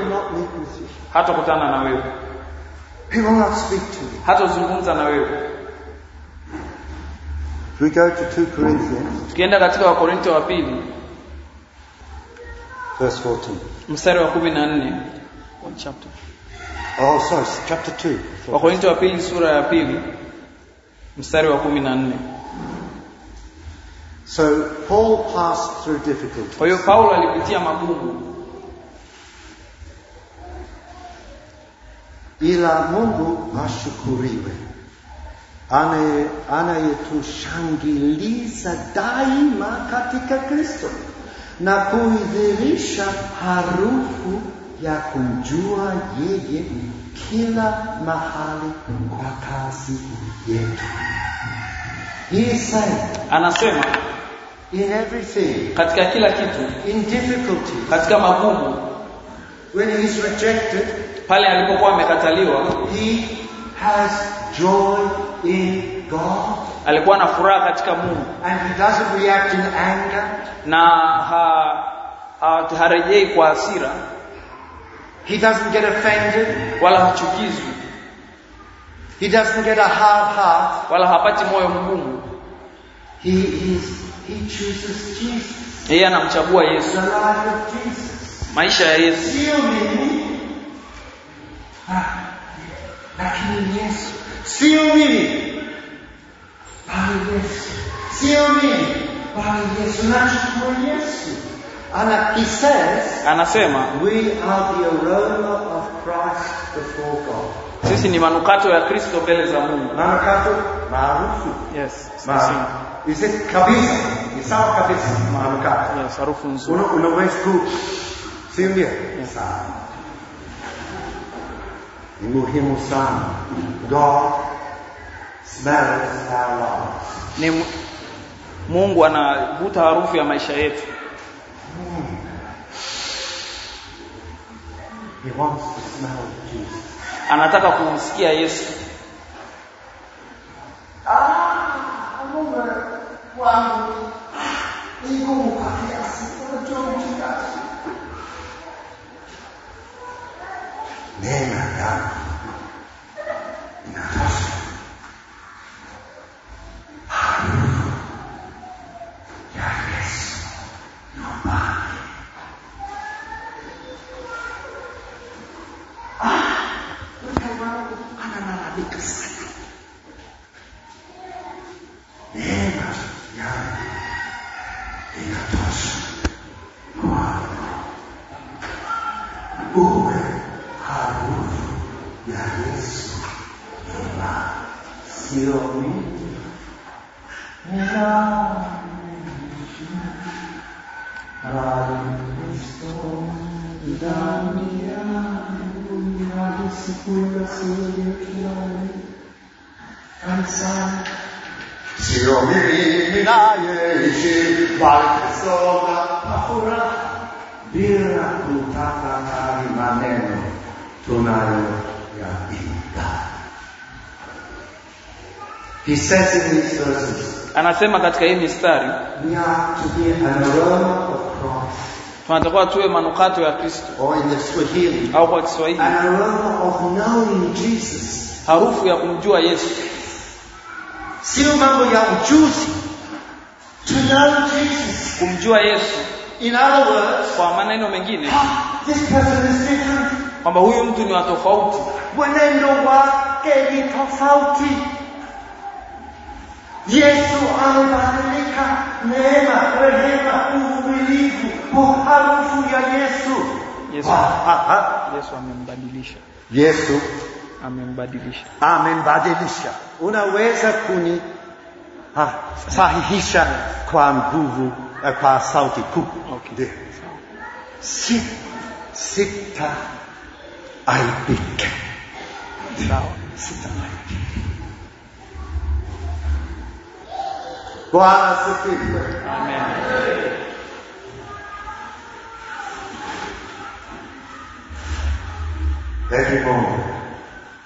hata kutana na wewe, he will not speak to you. hata zungumza na wewe. We go to 2 Corinthians. Tukienda katika Wakorinto wa pili verse Mstari wa oh, wa pili sura ya pili mstari wa 14. So Paul passed through difficulties. Kwa hiyo Paulo alipitia magumu. Ila Mungu ashukuriwe anayetushangiliza daima katika Kristo na kuidhirisha harufu ya kumjua yeye kila mahali kwa kazi yetu. He anasema in everything, katika kila kitu, in difficulty, katika magumu, when he is rejected, pale alipokuwa amekataliwa, he has joy in alikuwa na furaha katika Mungu and he react in anger, na ha, harejei kwa hasira he get offended, wala hachukizwi he get a hard heart, wala hapati moyo mgumu he is, he chooses Jesus, yeye anamchagua Yesu maisha ya Yesu sio mimi ah, lakini Yesu sio mimi Pai Jesu. Sim ou nie? Pai Jesu, nasz Król Jezus. A anasema we are the aroma of Christ before God. Sisi ni manukato ya Kristo mbele za Mungu. Manukato maarufu. Yes. Sisi kabisa. Ni sawa kabisa manukato. Yes, harufu nzuri. Una unaweza good. si ndio? Yes. Ni muhimu sana. God Ni Mungu anavuta harufu ya maisha yetu. Hmm. Anataka kumsikia Yesu. Anasema katika hii mistari we tunatakiwa tuwe manukato ya Kristo au kwa Kiswahili harufu ya kumjua Yesu, sio mambo ya ujuzi. To know Jesus, kumjua Yesu. In other words, kwa maneno mengine kwamba huyu mtu ni wa tofauti, mwenendo wake ni tofauti Yesu amebadilika. Neema, rehema, uvumilivu, harufu ya Yesu. Yesu, Yesu amembadilisha. Yesu amembadilisha, amembadilisha. Unaweza kuni ha, sahihisha kwa nguvu, eh, kwa sauti kuu. Okay. Si, sita aibike, sita aibike Bwana asifiwe. Amen. Every morning.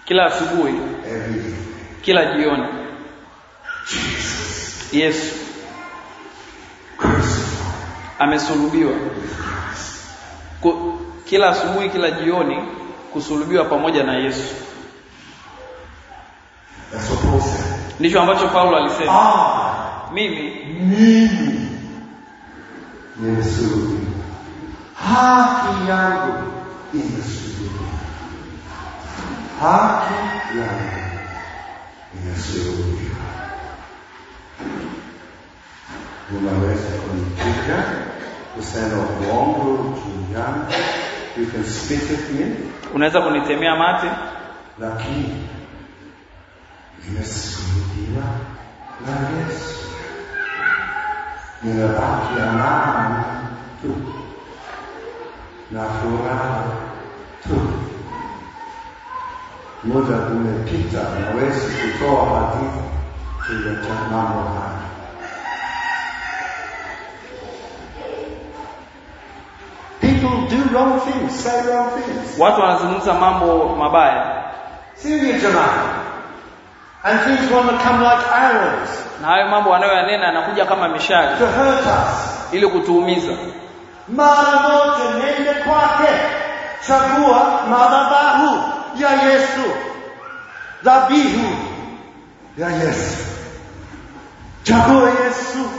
Kila asubuhi. Every day. Kila jioni. Jesus. Yesu amesulubiwa. Kila asubuhi, kila jioni kusulubiwa pamoja na Yesu. Ndicho ambacho Paulo alisema. Ah mimi mimi nimesulubiwa, haki yangu imesulubiwa, haki yangu imesulubiwa. Unaweza kunipiga kusema uongo juu yangu, you can spit at me, unaweza kunitemea mate, lakini nimesulubiwa la Yesu ninabaki amani tu na furaha tu. Muda umepita, nawezi kutoa hadithi kuleta mambo haya. People do wrong things, say wrong things. Watu wanazungumza mambo mabaya, sivyo jamani? And things want to come like arrows. Na hayo mambo anayoyanena yanakuja kama mishale. To hurt us. Ili kutuumiza. Mara moja nende kwake. Chagua madhabahu ya Yesu. Dhabihu ya Yesu. Chagua Yesu.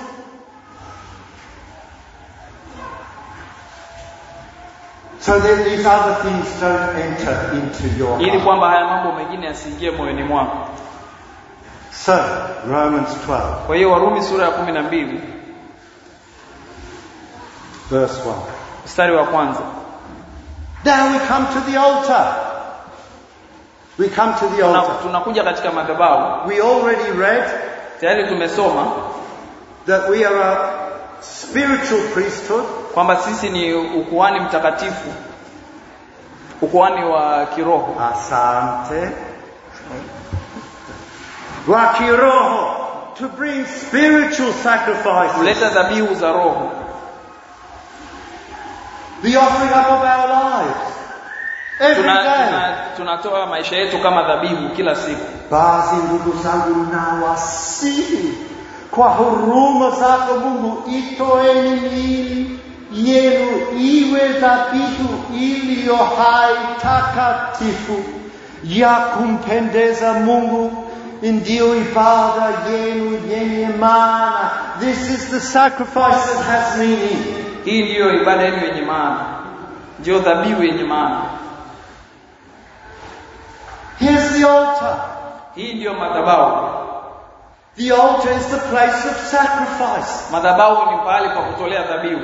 So that these other things don't enter into your heart. Ili kwamba haya mambo mengine yasiingie moyoni mwako. So, Romans 12. Kwa hiyo Warumi sura ya 12 verse 1. Mstari wa kwanza. Now we come to the altar. We come to the altar. Tunakuja katika madhabahu. We already read tayari tumesoma that we are a spiritual priesthood kwamba sisi ni ukuhani mtakatifu ukuhani wa kiroho asante wa kiroho to bring spiritual sacrifices. Kuleta dhabihu za roho. The offering up of our lives. tuna, Tuna, tunatoa maisha yetu kama dhabihu kila siku. Basi ndugu zangu, nawasihi kwa huruma zako Mungu, itoeni miili yenu iwe dhabihu iliyo hai takatifu ya kumpendeza Mungu in dearly Father, again with maana. This is the sacrifice that has meaning. Hii ndiyo ibada yenu yenye maana, ndiyo dhabihu yenye maana. Here's the altar. Hii ndiyo madhabahu. The altar is the place of sacrifice. Madhabahu ni pahali pa kutolea dhabihu.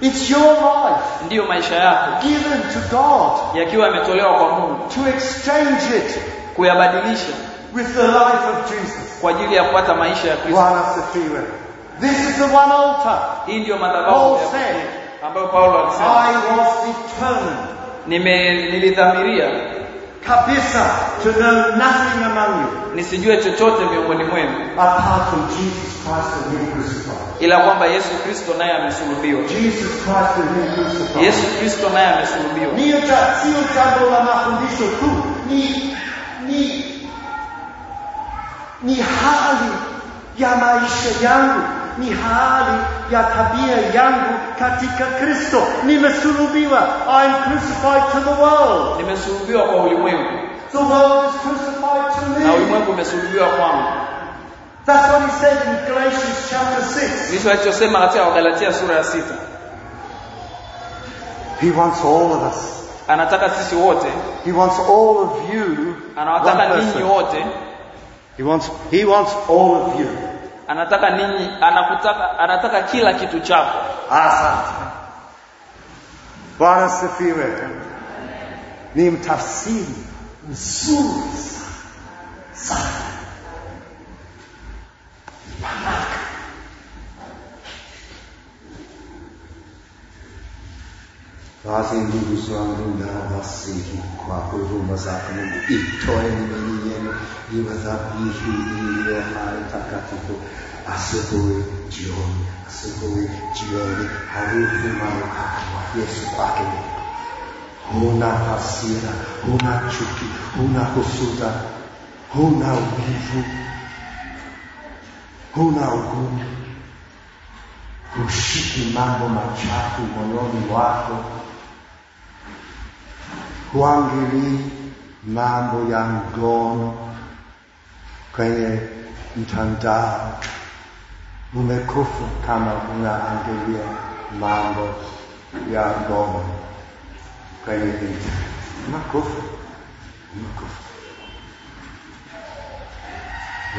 It's your life. Ndiyo maisha yako. Given to God. Yakiwa yametolewa kwa Mungu. To exchange it. Kuyabadilisha. with the life of Jesus. Kwa ajili ya kupata maisha ya Kristo. This is the one altar. Hii ndio madhabahu ambayo Paulo alisema. I was determined. Nime nilidhamiria kabisa to know nothing among you. Nisijue chochote miongoni mwenu. Apart from Jesus Christ and him crucified. Ila kwamba Yesu Kristo naye amesulubiwa. Jesus Christ and him crucified. Yesu Kristo naye amesulubiwa. Ni sio jambo la mafundisho tu, ni ni ni hali ya maisha yangu, ni hali ya tabia yangu katika Kristo. Nimesulubiwa, I'm crucified to the world. Nimesulubiwa kwa ulimwengu. The world is crucified to me. Na ulimwengu umesulubiwa kwangu. That's what he said in Galatians chapter 6. Ndicho alichosema katika Wagalatia sura ya 6. He wants all of us. Anataka sisi wote. He wants all of you. Anawataka ninyi wote. He wants, he wants all of you. Anataka ninyi, anakutaka, anataka kila kitu chako. Asante. Bwana sifiwe. Ni mtafsiri mzuri sana. Sana. Baraka. fazem livros Vandavasihi Kwahu Mazakanam Itoyani Meniyeno Yivadabihi Yihai Takatipo Asubui Jioni Asubui Jioni Harufu Malakatwa Yesu Pakele Huna Hasira Huna Chuki Huna o Huna o Huna Ugumu Kushiki Mambo Machafu o Wako kuangalia mambo ya ngono kwenye mtandao. Umekufa kama unaangalia mambo ya ngono kwenye vita. Umekufu, umekufa.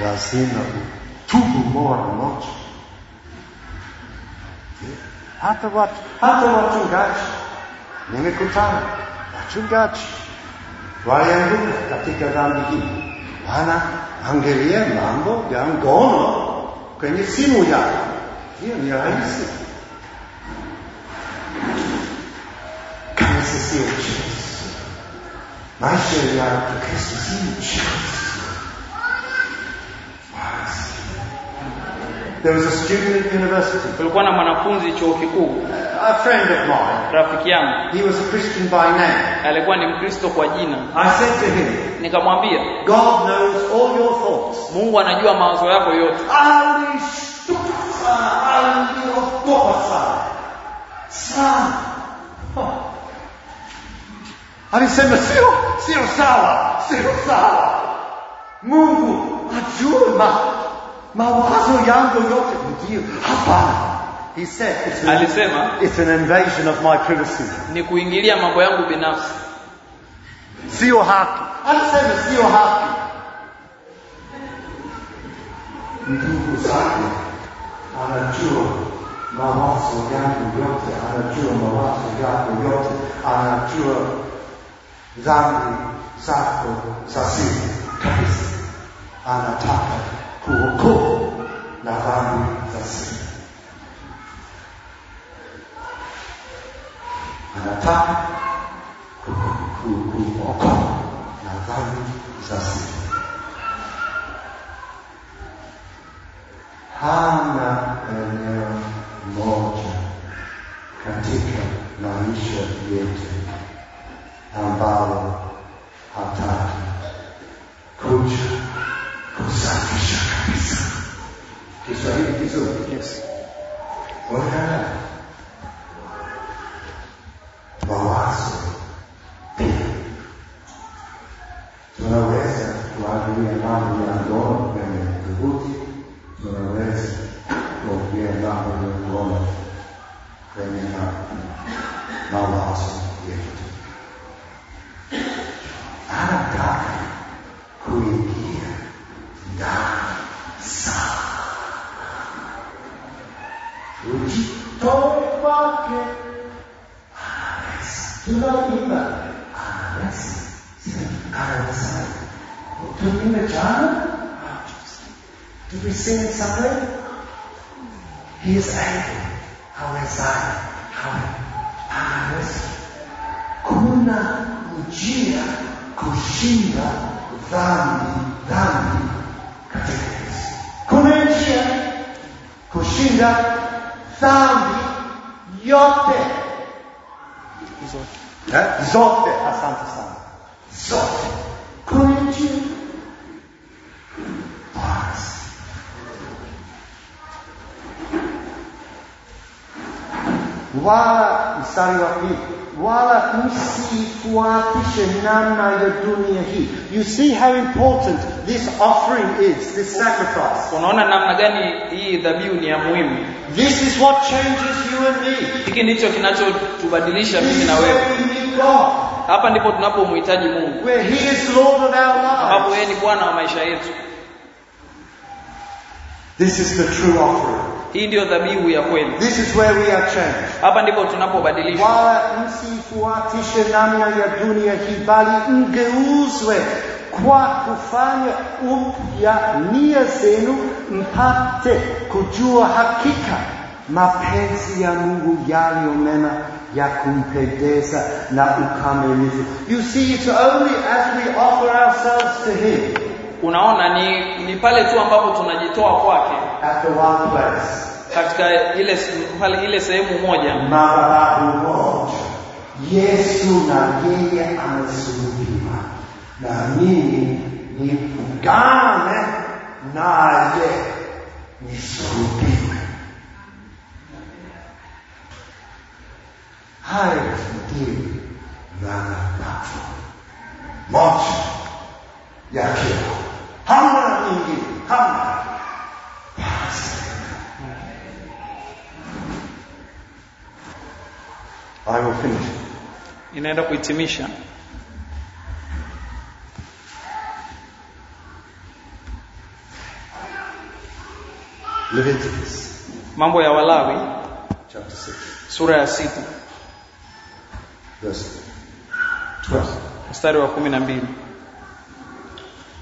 Lazima utubu mara moja. Hata watu hata watungaji nimekutana Mchungaji walianguka katika dhambi hii, wanaangalia mambo ya ngono kwenye simu yao. Hiyo ni rahisi kama sisi Yesu, maisha ya Kristo si There was a student at university. Kulikuwa na mwanafunzi chuo kikuu a friend of mine, rafiki yangu, he was a Christian by name. alikuwa ni Mkristo kwa jina. I said to him, Nikamwambia, God knows all your thoughts. Mungu anajua mawazo yako yote. Alishtuka sana, aliogopa sana sana. Alisema sio, sio sawa, sio sawa. Mungu ajua ma, mawazo yangu yote. Ndio, hapana he said, it's an, alisema it's an invasion of my privacy. Ni kuingilia mambo yangu binafsi. Sio haki. Alisema sio haki. Ndugu zake anajua mawazo yangu yote, anajua mawazo yangu yote, anajua dhambi zako za siri kabisa, anataka kuokoa na dhambi za siri. anataka kuokoa na dhambi za siku. Hana eh, You see how important this offering is, this sacrifice. This is what changes you and me. This is where we meet God. Where he is Lord of our lives. This is the true offering. Hii ndio dhabihu ya kweli. This is where we are changed. Hapa ndipo tunapobadilishwa. msifuatishe namna ya dunia hii, bali mgeuzwe kwa kufanya upya nia zenu mpate kujua hakika mapenzi ya Mungu yaliyo mema ya kumpendeza na ukamilifu. You see it's only as we offer ourselves to him. Unaona ni ni pale tu ambapo tunajitoa kwake. Katika ile pale ile sehemu moja. Madhabahu moja. Yesu na yeye amesulubiwa. nami niungane naye nisulubiwe. Hayo ndiyo dhana tatu moja ya kifo, hamna nyingine, hamna I will finish. Inaenda kuhitimisha. Leviticus. Mambo ya Walawi chapter 6. Sura ya 6. Verse 12. Mstari wa 12.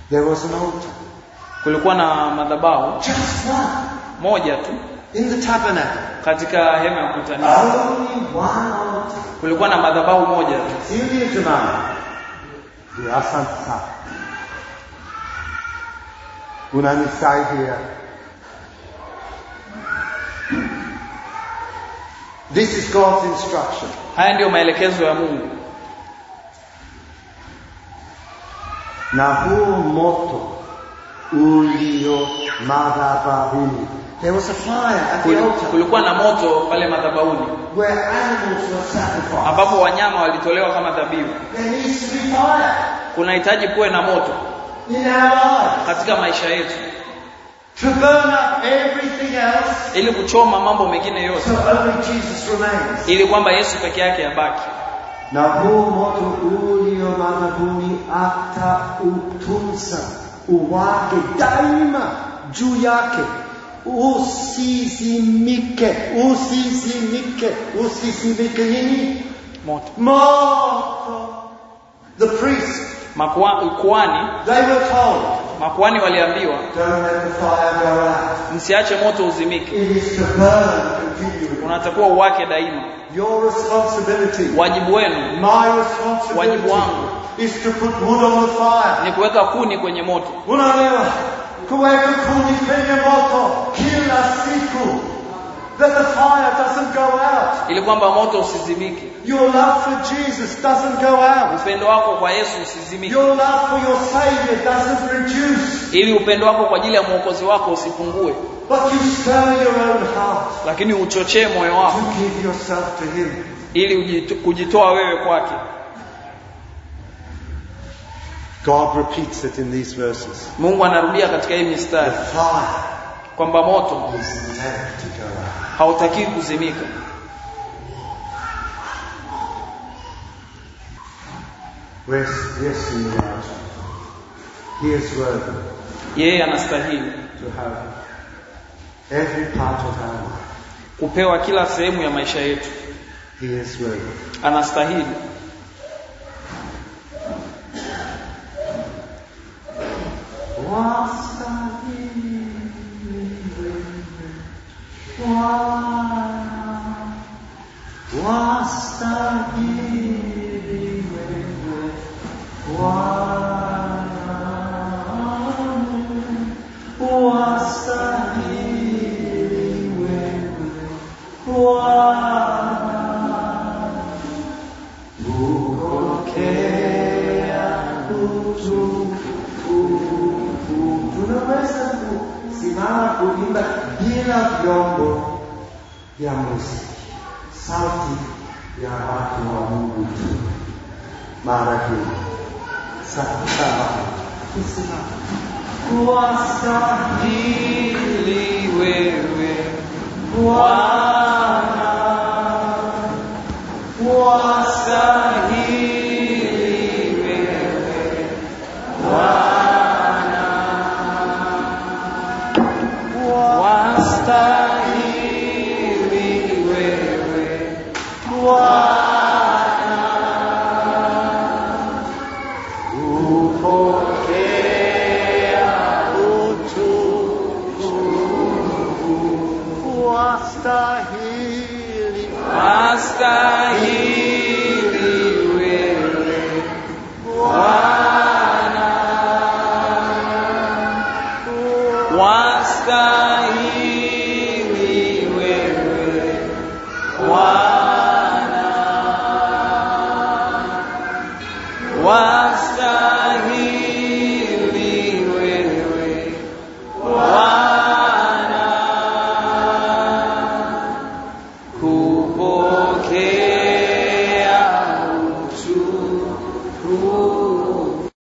There was an altar. Kulikuwa na madhabahu. Just one. Moja tu. In the tabernacle. Katika hema ya kukutania. Only one altar. Kulikuwa na madhabahu moja tu. Sisi tunaona. Asante sana. Unanisaidia This is God's instruction. Haya ndio maelekezo ya Mungu. Na huu moto ulio madhabahuni. There was a fire at the altar. Kulikuwa na moto pale madhabahuni. Where animals were sacrificed. Ambapo wanyama walitolewa kama dhabihu. There needs to be fire. Kunahitaji kuwe na moto. In our lives. Katika maisha yetu. To burn up everything else, ili kuchoma mambo mengine yote so only Jesus remains. ili kwamba Yesu peke yake abaki. Na huu moto ulio madhabuni ata utunza uwake daima juu yake, usizimike, usizimike, usizimike nini? Moto, moto. The priest makuhani they were told makuani waliambiwa msiache moto uzimike unatakiwa uwake daima wajibu wenu wajibu wangu ni kuweka kuni kwenye moto unaelewa kuweka kuni kwenye moto kila siku that the fire doesn't go out ili kwamba moto usizimike Your love for Jesus doesn't go out. Upendo wako kwa Yesu usizimike. Your love for your Savior doesn't reduce. Ili upendo wako kwa ajili ya mwokozi wako usipungue. But you stir your own heart. Lakini uchochee moyo wako. To give yourself to him. Ili kujitoa wewe kwake. God repeats it in these verses. Mungu anarudia katika hii mistari. The fire kwamba moto hautaki kuzimika. Yes, yes, in the He is worthy. Yeye anastahili to have every part of our life. Kupewa kila sehemu ya maisha yetu. He is worthy. Anastahili.